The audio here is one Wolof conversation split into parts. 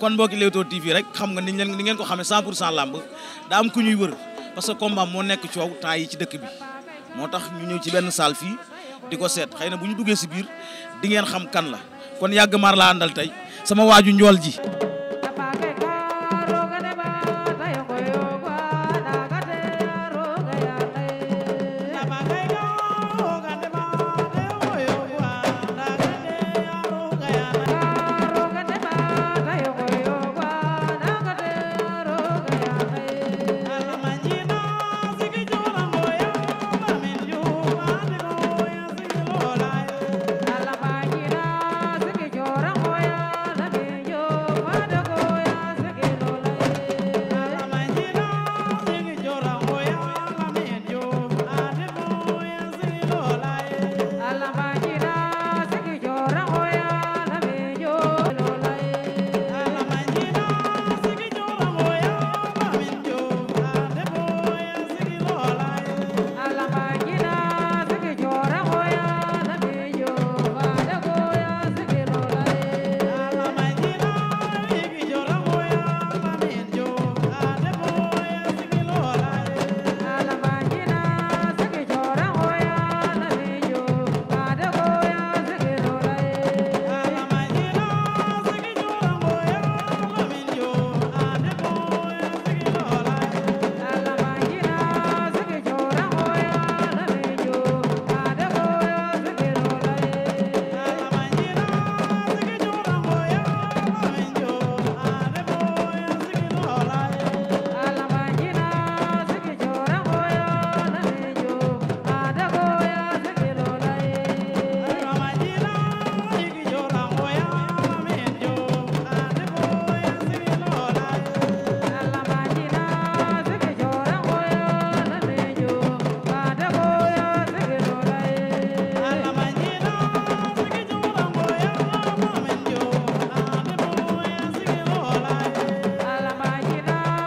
kon boo mbokki Leewtoo TV rek xam nga ni ngeen ni ngeen ko xamee 100 pour cent làmb daa am ku ñuy wër parce que combat moo nekk coow temps yi ci dëkk bi moo tax ñu ñëw ci benn salle fii di ko seet xëy na bu ñu duggee si biir di ngeen xam kan la kon yàgg maar laa àndal tey sama waaju njool ji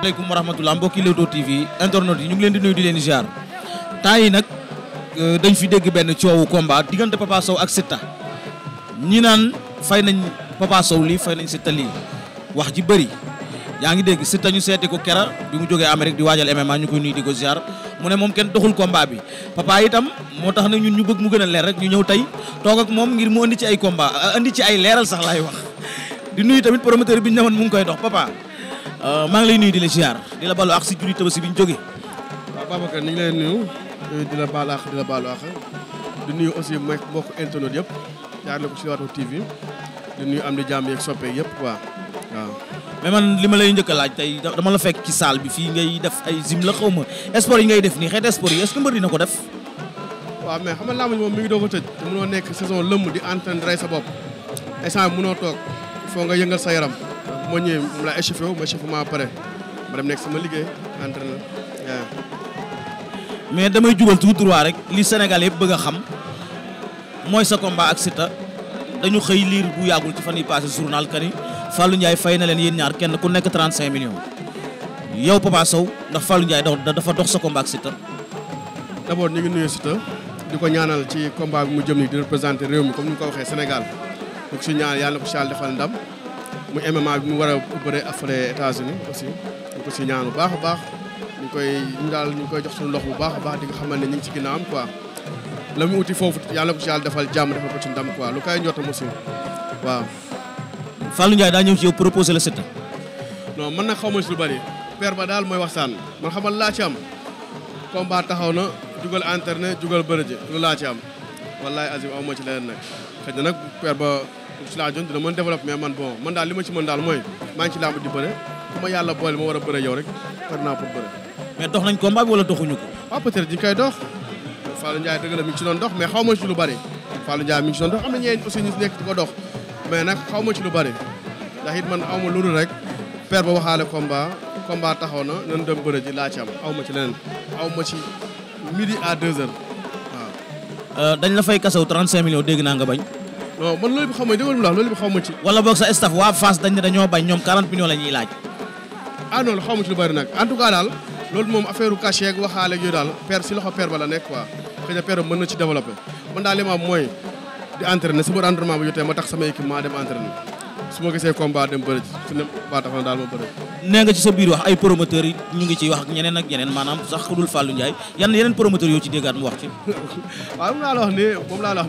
asalaamaaleykum wa rahmatulah mbokki Leewtoo TV internet yi ñu ngi leen di nuyu di leen ziar temps yi nag euh, dañ fi dégg benn coowu combat diggante Papa Sow ak Siteu ñi naan fay nañ Papa Sow lii fay nañ Siteu lii wax ji bëri yaa ngi dégg Siteu ñu seeti ko kera bi mu jógee Amérique di waajal MMA ñu koy nuyu di ko ziar mu ne moom kenn doxul komba bi papa itam moo tax na ñun ñu bëgg mu gën a leer rek ñu ñëw tey toogak moom ngir mu andi ci ay combat indi ci ay leeral sax laay wax di nuyu tamit promoteur bi ñu mu ngi koy dox papa. Euh, maa ngi lay nuyu di la ziar di la baalu ak si julli tabaski bi ñu jógee. waaw Babacar ñu ngi lay nuyu di la baal ak di la baalu ak di nuyu aussi mooy mbokk internet yëpp jaar na ko si Leewtoo TV di nuyu am di jàmm yeeg soppe yëpp quoi waaw. mais man li ma lay njëkk laaj tey dama la fekk ci salle bi fii ngay def ay gym la xaw ma sport yi ngay def nii xeet sport yi est-ce que mbër dina ko def. waaw mais xam nga làmb moom mu ngi doo a tëj. te nekk saison lëmm di entraîner sa bopp instant bi mënoo toog foo nga yëngal sa yaram. moo ñëwee mu la échauffé wu ma échauffement pare ma dem nekk sama liggéey entraîneur mais damay jugal tout droit rek li Sénégal yëpp bëgg a xam mooy sa combat ak Siteu dañu xëy liir bu yàggul ci fan yi passé journal kani Fallou Ndiaye fay na leen yéen ñaar kenn ku nekk 35 millions yow Papa Sow ndax Fallou Ndiaye dafa dox sa combat ak Siteu d'abord ñu ngi nuyu Siteu di ko ñaanal ci combat bi mu jëm nii di représenter réew mi comme ni ko waxee Sénégal donc yàlla na ko si ndam mu MMA bi mu war a bëre affaire États-Unis aussi ñu ko si ñaan bu baax a baax ñu koy ñu daal ñu koy jox suñu lox bu baax a baax di xamal ne ñu ngi ci am quoi la mu uti foofu yàlla ko ci yàlla defal jàmm defal ko ci ndam quoi lu kay njottam aussi waaw. Fallou Ndiaye daa ñëw ci yow proposé la Siteu. non man nag xaw ma si lu bëri père ba daal mooy waxtaan man xamal laa ci am combat taxaw na jugal internet jugal bërëje lu laa ci am wallaay azim aw ma ci leneen nag xëy na nag père ba. ci laa jon dina mën développe mais man bon man daal li ma ci mën daal mooy maa ngi ci làmb di bëre ku ma yàlla boole ma war a bëre yow rek par naa pour bëre mais dox nañ combat bi wala doxuñu ko waaw ah, peut-être ñu ngi koy dox Fallou Ndiaye dëgg mi ci doon dox mais xaw ma ci lu bari Fallou Ndiaye mi ngi ci doon dox am na ñeneen aussi nekk di nag xaw ma ci lu bari ndax it man aw ma loolu rek père ba waxaale combat combat taxaw na nan dem bëre ji laa ci am aw ma ci leneen aw ma ci midi à deux heures waaw euh, dañ la fay kasaw 35 millions dégg naa nga bañ non man loolu xaw ma ci. wala boog sa staff waa Fass dañ dañoo bañ ñoom 40 millions la ñuy laaj. Ah ci lu bari nag en tout cas daal loolu moom affaire cachet ak waxaale ak yooyu daal père si loxo père ba la nekk quoi xëy na père mën na ci développé man daal mooy di entraîné su ma entraînement bi jotee ma tax sama équipement dem entraîné su ma gisee combat dem bëri su ne baatax na daal ma bëri. nee nga ci sa biir wax ay promoteurs yi ñu ngi ciy wax ak ñeneen ak ñeneen maanaam sax xudul Fallou Ndiaye yan yeneen promoteurs yoo ci déggaat mu wax ci. wax nii moom mu wax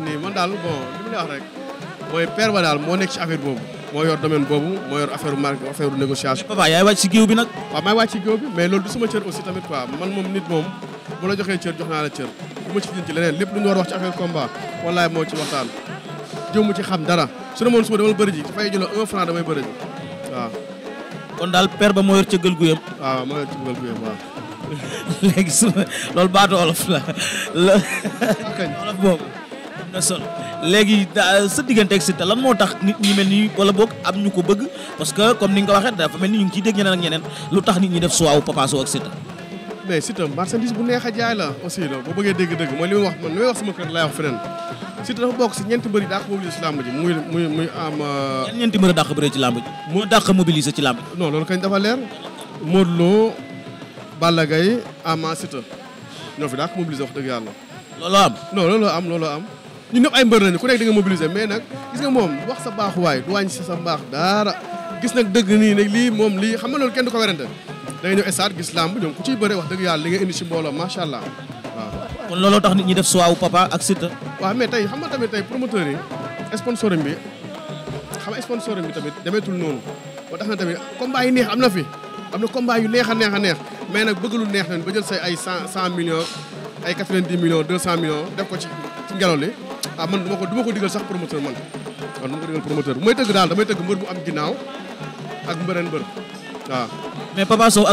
moo nekk ci boobu. moo yor domaine boobu moo yor affaire marque affaire négociation. papa yaay wàcc ci géew bi nag. waaw maay wàcc ci géew bi mais loolu du sama cër aussi tamit quoi man moom nit moom bu joxee cër jox naa la cër bu ci jënd ci leneen lépp lu ñu war wax ci affaire combat wallaay moo ci waxtaan jëmu ci xam dara su ne moom su ma demal bëri ji dafay un franc damay bëri kon daal per ba moo yor cëggal guyam. Ah, waaw moo yor cëggal guyam waaw. léegi su loolu baatu olof la la olof boobu am na solo léegi sa lan moo tax nit ñi mel nii wala boog am ñu ko bëgg parce que comme ni nga ko waxee dafa mel ni ñu ngi ciy dégg ñeneen ak ñeneen lu tax nit ñi def suwaawu Papa Sow ak Siteu. mais Siteu marchandise bu neex a jaay la aussi la boo bëggee dégg-dëgg mooy li may wax sama kër laay wax feneen. Siteu dafa bokk si ñeenti mbër yi dàq mobiliser ci làmb ji muy muy muy am. Euh, yan ñeenti a dàq ci làmb ji. moo dàq mobiliser ci làmb ji. non loolu kañ dafa leer Modou Lo Balla Gaye Ama Siteu ñoo fi dàq mobiliser wax dëgg yàlla. looloo am non looloo am looloo am ñun ñëpp ay mbër lañu ku nekk da nga mobiliser mais nag gis nga moom wax sa baaxuwaay du wàññi si sa mbaax daara gis nag dëgg nii nag lii moom lii xam nga loolu kenn du ko werante da nga ñëw stade gis làmb ñoom ku ciy bëre wax dëgg yàlla li nga indi si mbooloo macha allah looloo tax nit ñi def suwaawu papa ak Siteu. waaw mais tey xam nga tamit tey promoteur yi sponsoring bi xam nga bi tamit demeetul noonu ba tax na tamit combat neex am na fi am na combat yu neex a neex a neex mais nag bëgg lu neex nañ ba jël say ay cent cent millions ay quatre-vingt-dix millions cent millions def ko ci ci ngelaw li ah man du ma ko du ko digal sax promoteur man waaw du ma ko digal promoteur bu may tëgg daal damay tëgg mbër bu am ginnaaw ak mbëreen mbër waaw. mais Papa Sow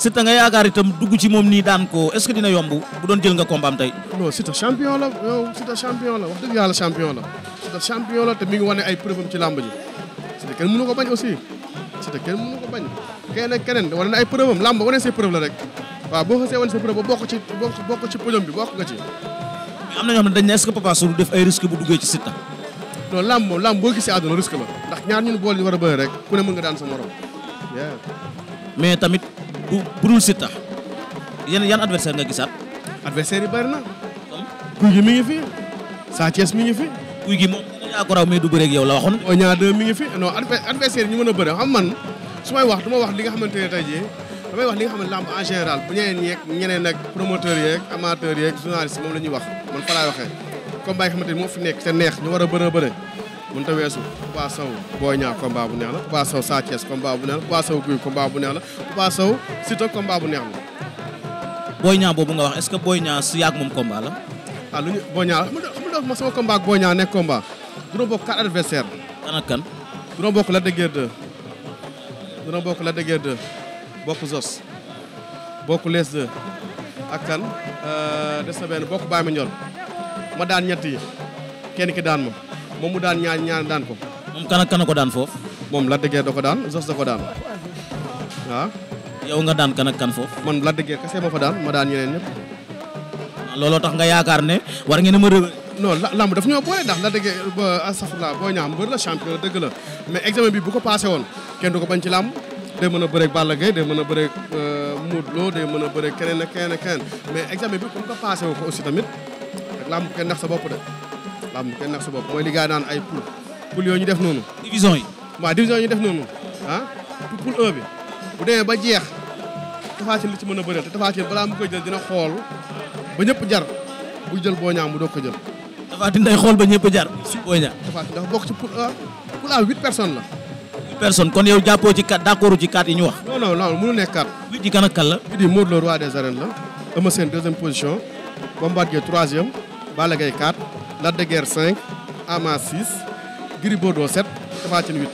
Siteu nga yaakaar tam dugg ci moom nii daan ko est-ce que dina yomb bu doon jël nga combat am tey. non Siteu champion la yow Siteu champion la wax dëgg yàlla champion la Siteu champion la te mi wane ay preuve ci làmb ji Siteu kenn mënu ko bañ aussi Siteu kenn mënu ko bañ keneen keneen wane ay preuve làmb wane say la rek waaw boo see wane say preuve ba bokk ci bokk bi bokk nga ci. am na ñoo xam dañ ne est-ce que def ay risque bu duggee ci Siteu. non làmb làmb boo risque la ndax ñaar ñun bool ñu a bëri rek ku ne mën nga sa bu budul Siteu yan yan adversaire nga gisaat. adversaire yi bari na. kuy gi mi ngi fi. Sa Thiès mi ngi fi. kuy gi moom yaa ko raw mais du bëre ak la waxoon. oo ñaar mi ngi fi non adversaire ñu mën a bëre xam man may wax du wax li nga xamante ne tey jii damay wax li nga xam ne lamb en général bu ñeneen yeeg ñeneen ak promoteur yeeg amateur yeeg journaliste moom la ñuy wax man fa laay waxee. combat yi xamante moo fi nekk te neex ñu war a bëre bëre. mënut a weesu Papa Sow Boy Niang bu neex la Papa Sow Sa Thiès combat bu neex la Papa Sow Gouye combat bu neex la Papa Sow Siteu combat bu neex la. Boy boobu nga wax est-ce que Boy Niang su moom combat la. ah ñu Boy Niang ma sama combat ak Boy Niang nekk combat. dina bokk quatre kan ak kan. dina bokk Lac de Guiers 2. dina bokk Zos. bokk Les 2. ak kan euh, des na benn bokk Baye Mandione ma daan ñett yi kenn ki daan ma. moom mu daan ñaar ñaar daan ko. moom kan ak kan ko daan foofu. moom Lac de Guiers ko daan Zoss da ko daan waaw. yow nga daan kan ak kan foofu. man Lac de Guiers kese ma fa daan ma daan ñeneen ñëpp. Ah, looloo tax nga yaakaar ne war ngeen a ma rëb. non lamb daf ñoo boole ndax Lac de Guiers ba astafurlah boo ñaax mbër la champion dëgg la mais examen bi bu ko passé woon kenn du ko bañ ci lamb day mën a bëreeg Balla Gaye day mën a bëreeg euh, Modou Lo day mën a bëreeg keneen ak keneen ak keneen mais examen bi comme que ko aussi tamit ak lamb kenn sa bopp de. làmb kenn nag sa bopp mooy li gaa naan ay poule poule yooyu ñu def noonu division yi waaw division yi ñu def noonu ah poule 1 bi bu demee ba jeex tafaatin li ci mën a bëri te tafaatin balaa mu koy jël dina xool ba ñëpp jar buy jël boo ñaam mu doog ko jël tafaatin day xool ba ñëpp jar su boo ñaam tafaatin dafa bokk ci poule 1 poule 1 huit personnes la huit personnes kon yow jàppoo ci quatre d'accord ci quatre yi ñu wax non non non mënu nekk quatre huit yi kan ak kan la huit yi Modou Lo roi des arènes la Eumeu Sène deuxième position Bombardier troisième Balla Gaye 4 Lac de Guiers 5 Ama 6 Gris Bordeaux set Tapha Tine 8.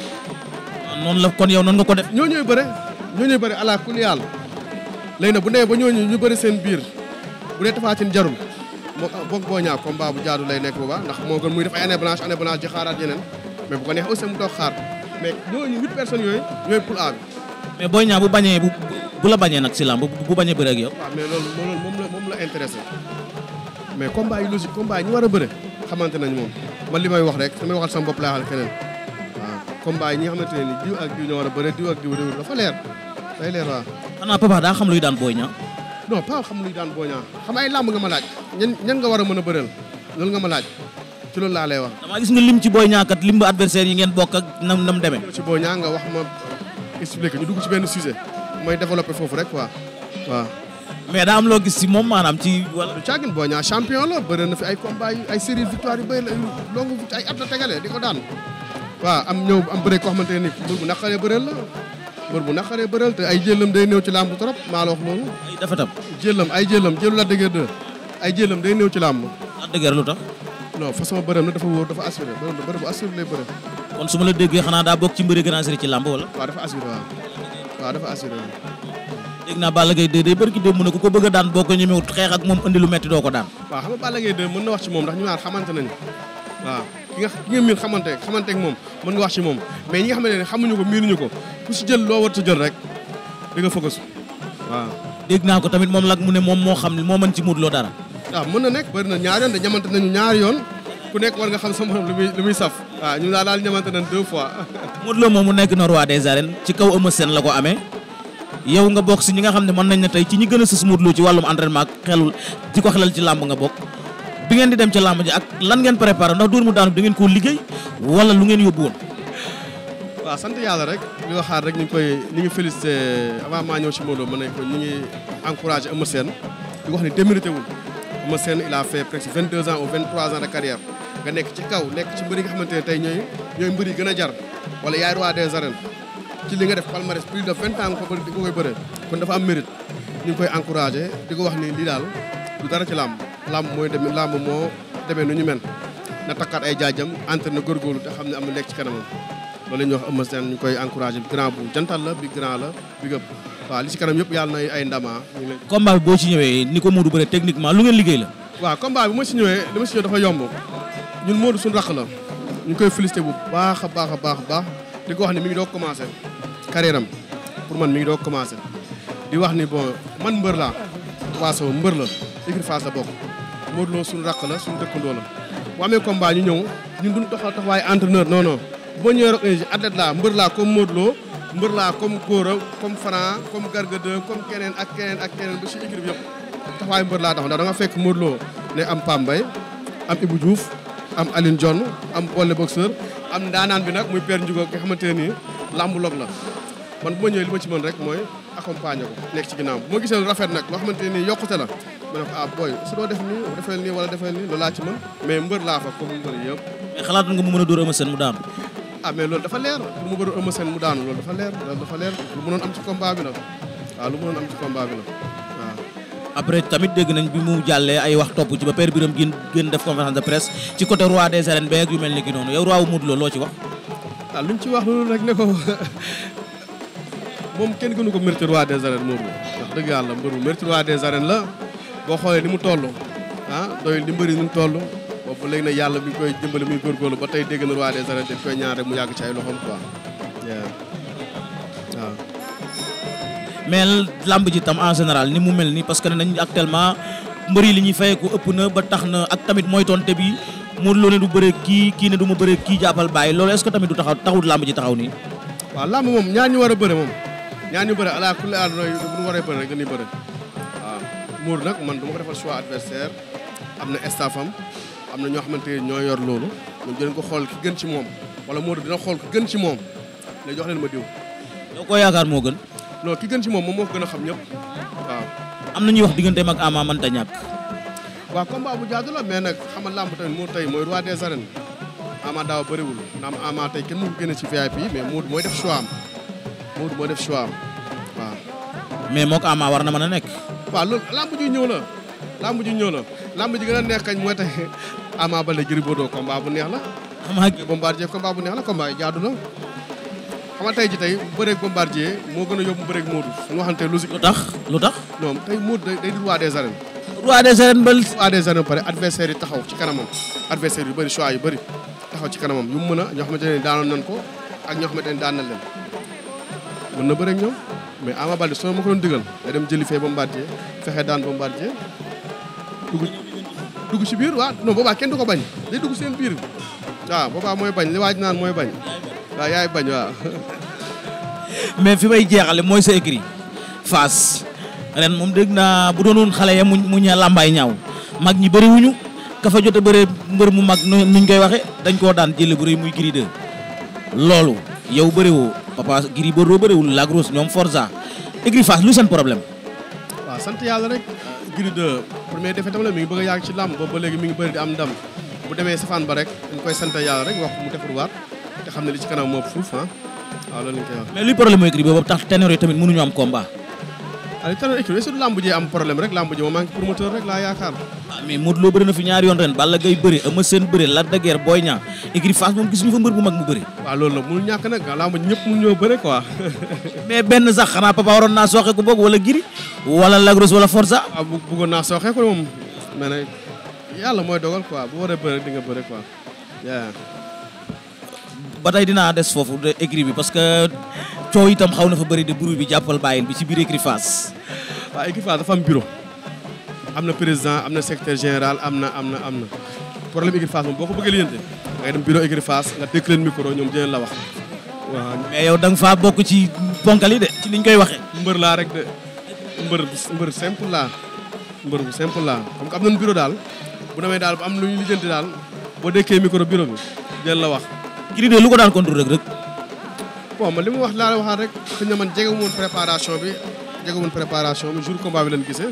Ah, noonu la kon yow noonu nga ko def. ñoo ñooy bëre ñoo ñooy bëre ala kulli yàlla léegi nag bu nee ba ñooñu ñu bëri seen biir bu dee Tapha Tine jarul moo boog boo ñaaw combat bu jaadu lay nekk booba ndax moo gën muy def ay année blanche année blanche di xaaraat yeneen mais bu ko neex aussi mu toog xaar mais ñooñu huit personnes yooyu ñooy poul A mais booy ñaaw bu bañee bu bu la bañee nag si lamb bu bañee bëre ak yow. waaw mais loolu moom la moom mais combat yi logique war a bëre xamante nañ moom man li may wax rek su may waxal sama bopp laa waxal keneen waaw combat yi ñi nga ne nii diw ak diw ñoo war a bëre diw ak diw diw dafa leer day leer waaw. xanaa Papa daa xam luy daan Boy Niang. non Papa xam luy daan Boy Niang xam ay làmb nga ma laaj ñan ñan nga war a mën a bëreel loolu nga ma laaj ci loolu lay wax. damaa gis nga lim ci Boy Niang kat lim ba adversaire yi ngeen bokk ak nam nam demee. ci Boy Niang nga wax ma expliqué ñu dugg ci benn sujet mooy développé foofu rek quoi waaw. mais daa am loo gis si moom maanaam ci. wala du caagin boo ñaa champion la bëri na fi ay combat ay série victoire yu bëri la longu ay at la tegale di ko daan waaw am ñëw am bëri koo xamante ne mbër bu naqaree bëreel la mbër bu naqaree bëreel te ay jëlam day néew ci làmb trop maa la wax loolu. ay dafa tam. jëlam ay jëlu la dëgër de ay lam day néew ci làmb. la dëgër lu tax. non façon bërëm na dafa wóor dafa assuré bërëm na bu assuré lay bërëm. kon su ma la déggee xanaa daa bokk ci mbëri grand ci làmb wala. waaw dafa assuré waaw waaw dafa dégg naa Balla Gaye 2 day bërki dé mu ne ku ko bëgg daan boo ko ñemewut xeex ak moom andi lu metti doo ko daan waaw xam nga Balla Gaye 2 mën na wax ci moom mais ñi nga xamante ne xamuñu ko miinuñu ko ku si jël loo war sa jël rek di nga focus dégg naa ko tamit moom lak mu ne moom moo xam ne moo man ci Modou Lo dara waaw mën na nekk bëri na ñaari yoon de ñamante nañu ñaari yoon ku nekk war nga xam sa morom lu muy lu muy saf waaw ñu daal daal ñamante nañ deux fois Modou moom mu nekk la ko amee yow nga bokk si ñi nga xam ne mën nañ ne tey ci ñi gën a sës Modou Lo ci wàllum entraînement ak xelul di ko xelal ci làmb nga bokk bi ngeen di dem ci làmb ji ak lan ngeen préparé ndax dóor mu daanu da ngeen koo liggéey wala lu ngeen yóbbu woon waaw sant yàlla rek ñu nga xaar rek ñu ngi koy ñu ngi félicité avant maa ñëw si Modou Lo mën nañ ko ñu ngi encouragé Eumeu Sène wax ne démérité wul Eumeu Sène il a fait presque 22 ans ou 23 ans de carrière nga nekk ci kaw nekk ci mbëri nga xamante tey ñooy ñooy mbëri gën a jar wala yaay roi des arènes ci li nga def palmarès plus de vingt ans nga ko di koy bëre kon dafa am mérite ñu koy encouragé di ko wax ni lii daal du dara ci làmb làmb mooy dem làmb moo demee nu ñu mel na takkaat ay jaajam entre na góorgóorlu te xam ne am na nekk ci kanamam loolu la ñuy wax Eumeu Sène ñu koy encouragé bi grand bu jantal la bi grand la bi gëpp waaw li ci kanam yëpp yàlla na ay ndama combat bi boo ci ñëwee ni ko Modou bëre techniquement lu ngeen liggéey la waaw combat bi ma si ñëwee li ma si ñëwee dafa yomb ñun Modou la ñu koy félicité bu baax a baax a baax a baax di ko wax ne mi ngi doog commencé carrière pour man mi commencé di wax ni bon man mbër laa Papa Sow mbër la écurie Fass la bokk Modou Lo suñu rakk la suñu dëkkandoo la bu amee combat ñu ñëw ñun duñ doxal taxawaay entraîneur non non bu ma ñëwee rek eh, athlète laa mbër laa comme mbër laa comme Gora comme Franc comme Garga 2 keneen ak keneen ak keneen ba si écurie bi yëpp taxawaay mbër laa tax ndax da fekk Modou Lo ne am Pambay am Ibou Diouf am Aline John am Bolle boxeur am ndaanaan bi nag muy Père Ndiougo nga xamante la man bu ma ñëwee li ma ci mën rek mooy accompagner ko nekk ci ginnaaw bu ma gisee rafet nag loo xamante nii yokkute la ma ne ko ah booy su doo def nii defeel nii nii loolu laa ci mën mais mbër laa fa comme mbër yëpp mais xalaatu mu mën a dóor ah, dafa leer lu mu bëri dafa leer dafa leer lu mënoon am ci combat bi la waaw ah, lu mënoon am ci après tamit dégg nañ bi mu jàllee ay wax topp ci ba père Birame gën gën def conférence de presse ci côté roi des arènes beeg yu mel ni ki noonu yow roi wu Modou loo ci wax waaw ah, luñ ci wax rek ne ko moom kenn gënu ko mérite roi des arènes Modou Lo wax dëgg yàlla mbër la boo xoolee ni mu toll ah doyul di mbëri ni mu toll boobu léegi nag yàlla bi koy jëmbale muy góorgóorlu ba tey dégg na roi des arènes daf koy ñaan rek mu yàgg ci ay loxoom quoi waaw. làmb ji tam en général ni mu mel nii parce que nañ actuellement mbër yi li ñuy fayee ko ëpp na ba tax na ak tamit mooy tonte bi Modou Lo ne du bëre kii kii ne du ma bëre kii jàppal bàyyi loolu est-ce que du taxaw taxut làmb ji taxaw nii. waaw làmb moom. ñaan ñu bëre ala kulli aal nooy bu ñu waree bëre rek dañuy bëre waaw muur nag man du ma ko defal choix adversaire am na staff am na ñoo xamante ne ñoo yor loolu ñun dinañ ko xool ki gën ci moom wala Modou dina xool ki gën ci moom lay jox leen ma diw. doo yaakaar moo gën. non ki gën ci moom moom moo gën a xam ñëpp waaw. am na ñuy wax digganteem ak Ama mënta ñàkk. waaw combat bu jaadu la mais nag xamal lamb tamit moo tey mooy roi des arènes Ama daaw bëriwul naam Ama tey kenn mu ko génne ci VIP mais Modou mooy def choix Modou moo def choix am waaw. mais moog Ama war na mën a nekk. waaw loolu làmb ji ñëw la làmb ñëw la làmb ji gën a neex kañ mooy tax Ama Baldé Gris Bordeaux combat bu neex la. Ama Bombardier combat bu neex la combat yi jaadu la. xam nga tey ji tey bëreeg Bombardier moo gën a yóbbu bëreeg Modou suñu waxante logique. lu tax lu tax. non tey Modou day day di roi des arènes. roi des arènes ba. pare adversaire yi taxaw ci kanamam adversaire yu bëri choix yu bëri taxaw ci kanamam yu mu mën a ñoo xamante ne daanoon nañ ko ak ñoo xamante ne daan na leen mën na bëre ak ñoom mais Ama Baldé soo ma ko doon digal day dem jëli fee Bombardier fexe daan Bombardier dugg dugg ci biir waaw non boobaa kenn du ko bañ day dugg seen biir waaw boobaa mooy bañ li waaj naan mooy bañ waaw yaay bañ waaw. mais fi may jeexale mooy sa écrit Fass ren moom dégg naa bu doon doonoon xale ya mu mu ña làmbaay ñaaw mag ñi bëriwuñu wuñu jot a bëree mbër mu mag nuñ koy waxe dañ koo daan jëlee bu rëy muy Gris loolu yow bëri Papa Gris Bordeaux bëriwul Lac Rose ñoom Forza écurie Fass lu seen problème. waaw sant yàlla rek. Gris de première défaite tam mi ngi bëgg a ci làmb boobu ba léegi mi ngi bëri di am ndam bu demee safaan ba rek dañ koy sant yàlla rek wax mu defarwaat te xam ne li ci kanam moo fuuf ah waaw loolu lañ koy wax. mais li problème mooy Gris boobu tax ténor yi tamit mënuñu am combat. waaw ah, li tax écurie su lamb ji am problème rek lamb ji moom maa ngi promoteur rek laa yaakaar. ah mais Modou Lo bëri na fi ñaari yoon ren Balla Gaye bëri Eumeu Sène bëri Lac Boy Niang écurie Fass moom gisuñu fa mbër bu mag mu bëri. waaw loolu la mënul ñàkk nag lamb ji ñëpp mënuñoo bëri quoi. mais benn sax xanaa papa waroon naa sooxe ko boobu wala giri wala lagros wala forza. waaw ah, bu bëggoon sooxe ko moom mais nag yàlla mooy dogal quoi bu waree bëri di nga bëri quoi waaw. ba tey dinaa des foofu écurie bi parce que. coow itam xaw na fa bari de bruit bi jàppal bàyyil bi ci biir écurie waa waaw écurie Fass dafa am bureau am na président am na secrétaire général am na am na am na problème écurie Fass moom boo ko bëggee lijjanti ngay dem bureau écurie Fass ñoom dinañ la wax. waaw yow da nga faa ci ponkal de ci liñ koy waxee. mbër laa rek de mbër mbër simple laa mbër bu simple la comme que am nañu bureau daal bu demee daal bu am lu ñu lijjanti daal boo dékkee micro bureau bi dinañ la wax. écurie de lu ko daan contre rek bon ma li mu wax laa la waxaat rek xëy na man jege woon préparation bi jege woon préparation bi jour combat bi leen gise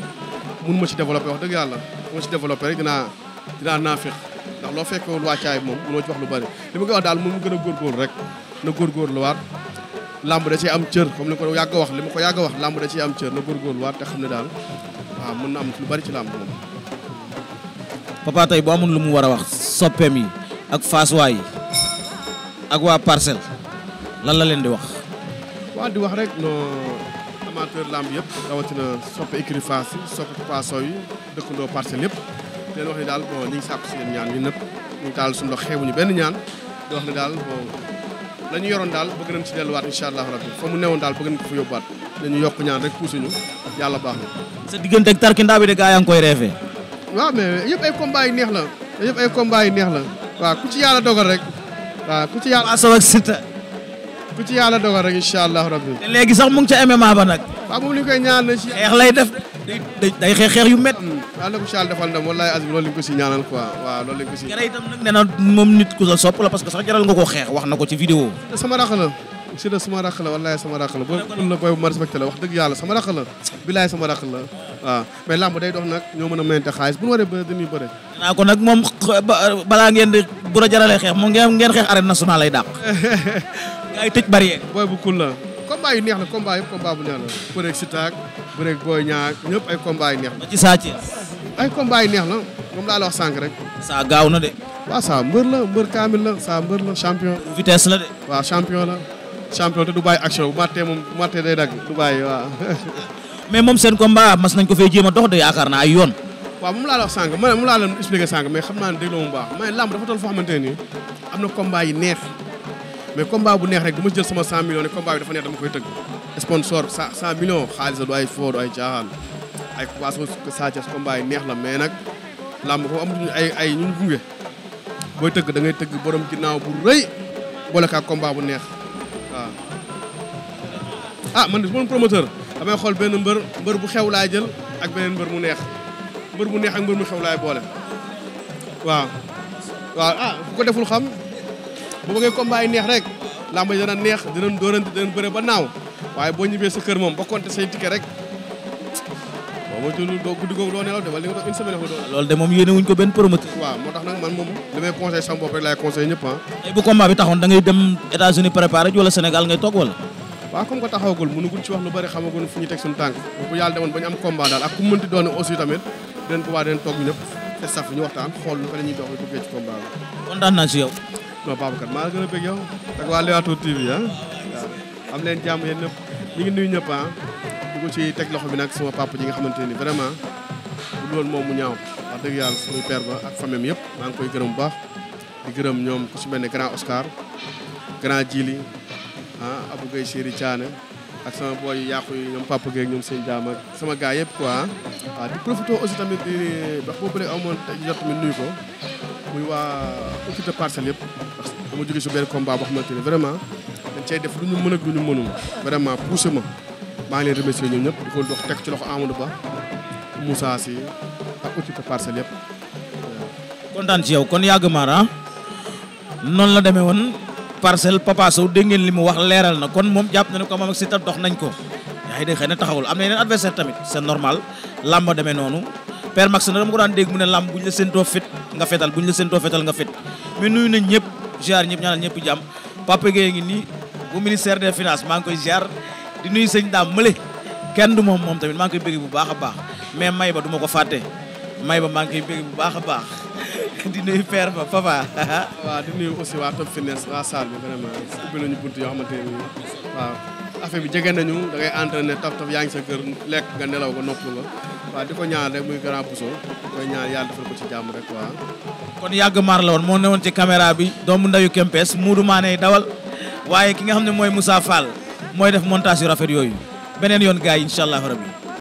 mun ma ci développé wax dëgg yàlla bu ma ci développé rek dinaa dinaa naafiq ndax loo fekk woon wàccaay moom mënoo ci wax lu bari li ma koy daal moom mu gën a góor rek na góor góorgóorluwaat làmb da ciy am cër comme li ma ko yàgg wax li ma ko yàgg wax làmb da ciy am cër na góorgóorluwaat te xam ne daal waaw mun na am lu bari ci làmb moom. Papa tey boo amoon lu mu war a wax soppeem yi ak faasuwaay yi ak waa parcelle. lan la leen di wax. waaw di wax rek non amateur lamb yëpp rawatina sopp écurie Fass yi sopp Papa Sow yi dëkkandoo parcelle yëpp di leen wax ni daal bon ñu ngi sàkku si yéen ñaan ñu nëpp ñu taal suñu loxo benn ñaan di wax ni daal bon la ñu daal bëgg nañ ci delluwaat incha allah rabbi fa mu newoon daal bëgg nañ ko fa yóbbuwaat yokk ñaan rek poussé ñu yàlla baax na. sa diggante ak tarkindaa bi de gaa koy reefee. waaw mais yëpp ay combats yu neex la yëpp ay combats yu neex la waaw ku ci yàlla dogal rek waaw ku ci yàlla. Papa Sow ku ci yàlla dogal rek incha allahu rabbi. te léegi sax mu ngi ca MMA ba nag. koy ñaan lay def day xeex xeex yu métti. waaw nag incha allah defal ndam wallaahi azim loolu lañ ko waaw loolu lañ moom nit parce que sax jaral nga ko xeex wax na ko ci vidéo. sama rakk la si la sama rakk la wallaahi sama rakk la boo la booy bu ma respecté sama rakk la bilaay sama rakk la waaw mais nag ñoo mën a mayante xaalis bu ñu waree bëre dañuy bëre. naa ko nag moom balaa ngeen de bu la jaralee xeex moom ngeen ngeen xeex arène nationale lay dàq ay tëj barrière. booy bu kul la. combat yu neex la combat yëpp combat bu neex la. bëreeg Siteu bëreeg Boy Niang ñëpp ay combat yu neex ci Sa Thiès. ay neex la moom laa la wax rek. saa gaaw na de. waaw saa mbër la mbër kaamil la saa mbër la champion. vitesse la de. waaw champion du bàyyi action bu mattee moom bu mattee day dagg du bàyyi waaw. mais moom seen combat mas nañ ko fay a dox de yaakaar naa ay yoon. waaw moom laa la wax sànq ma ne moom laa leen expliqué sànq mais xam naa ne dégloo baax ma ne làmb dafa toll foo xamante ne am na combat yi neex mais combat bu neex rek dama jël sama 100 millions ne combat bi dafa neex dama koy tëgg sponsor 100 millions xaalis la du ay foo ay caaxaan ay waa sama Sa Thiès combat neex la mais nag làmb ko amatuñu ay ay gunge booy tëgg da ngay tëgg borom ginnaaw bu rëy boole kaa combat bu neex waaw. ah ma promoteur xool benn mbër mbër bu xew laay jël ak beneen mbër mu neex mbër mu neex ak mbër mu laay boole ah ku ko deful xam. bu bëggee combat yi neex rek làmb yi dana neex dinañ dóorante dinañ bëre ba naaw waaye boo ñibbee sa kër moom ba compter say ticket rek boo ma jël doo guddi googu doo nelaw demal li nga doon une semaine fa doo loolu de moom yéene wuñ ko benn promoteur waaw moo tax nag man moom li may conseil sama bopp rek laay conseil ñëpp ah bu combat bi taxoon da ngay dem États-Unis préparé ji Sénégal ngay toog wala waaw comme que taxawagul ci wax lu bari xamagul fu ñu teg suñu tànk bu yàlla demoon ba ñu am combat la ñuy dox li bëggee ci combat bi kontaan naa ci yow non Babacar maa la gën a bëgg yow ak waa Leewtoo TV ah. am leen jàmm yéen ñëpp ñu ngi nuyu ñëpp ah ci teg loxo bi nag sama papa nga xamante ni vraiment bu loolu moom mu ñaaw wax dëgg yàlla suñu père ba ak famem yëpp maa ngi koy gërëm bu baax di gërëm ñoom ku ci mel ne grand Oscar grand Djili ah Abou Gueye Chéri ak sama booy yàqu yi ñoom papa Gueye ñoom seen jaam ak sama gaa yëpp ko ah. waaw di profité aussi tamit di wax boobu rek amoon jot mi nuyu ko muy waa occupé parcelle yëpp dama jóge si benn combat boo xamante ne vraiment dañ cay def lu ñu mën ak lu ñu mënul vraiment poussé ma maa ngi leen remercier ñoom ñëpp di ko dox teg ci loxo Amadou Ba Moussa si ak autorité parcelle yëpp. kontaan ci yow kon yàgg maar ah. noonu la demee woon parcelle Papa Sow dégg ngeen li mu wax leeral na kon moom jàpp na ne ko moom ak Siteu dox nañ ko. yaa ngi dégg xëy na taxawul am na yeneen adversaire tamit c'est normal làmb demee noonu Père Max na dama ko daan dégg mu ne làmb bu ñu la séentoo fit nga fetal bu ñu la séentoo fetal nga fit mais nuyu nañ ñëpp. ziar ñëpp ñaanal ñëpp jàmm Papa Gueye ngi nii bu ministère des finance maa ngi koy ziar di nuyu sëñ daam mële kenn du moom moom tamit maa ngi koy bëgg bu baax a baax mais may ba du ma ko fàtte may ba maa ngi koy bëgg bu baax a baax di nuyu père ba papa waaw di nuyu aussi waa Top Fitness waa salle bi vraiment ubbi nañu bunt yoo xamante ne waaw affaire bi jege nañu da ngay entraîné taf taf yaa ngi sa kër lekk nga nelaw ko nopp nga waaw di ko ñaan rek muy grand Bousso di koy ñaan yàlla defal ko ci jàmm rek waaw. kon yàgg maar la woon moo newoon ci caméra bi doomu ndayu Kempes Moodu Maane dawal waaye ki nga xam ne mooy Moussa Fall mooy def montage yu rafet yooyu beneen yoon gars yi incha allah rabbi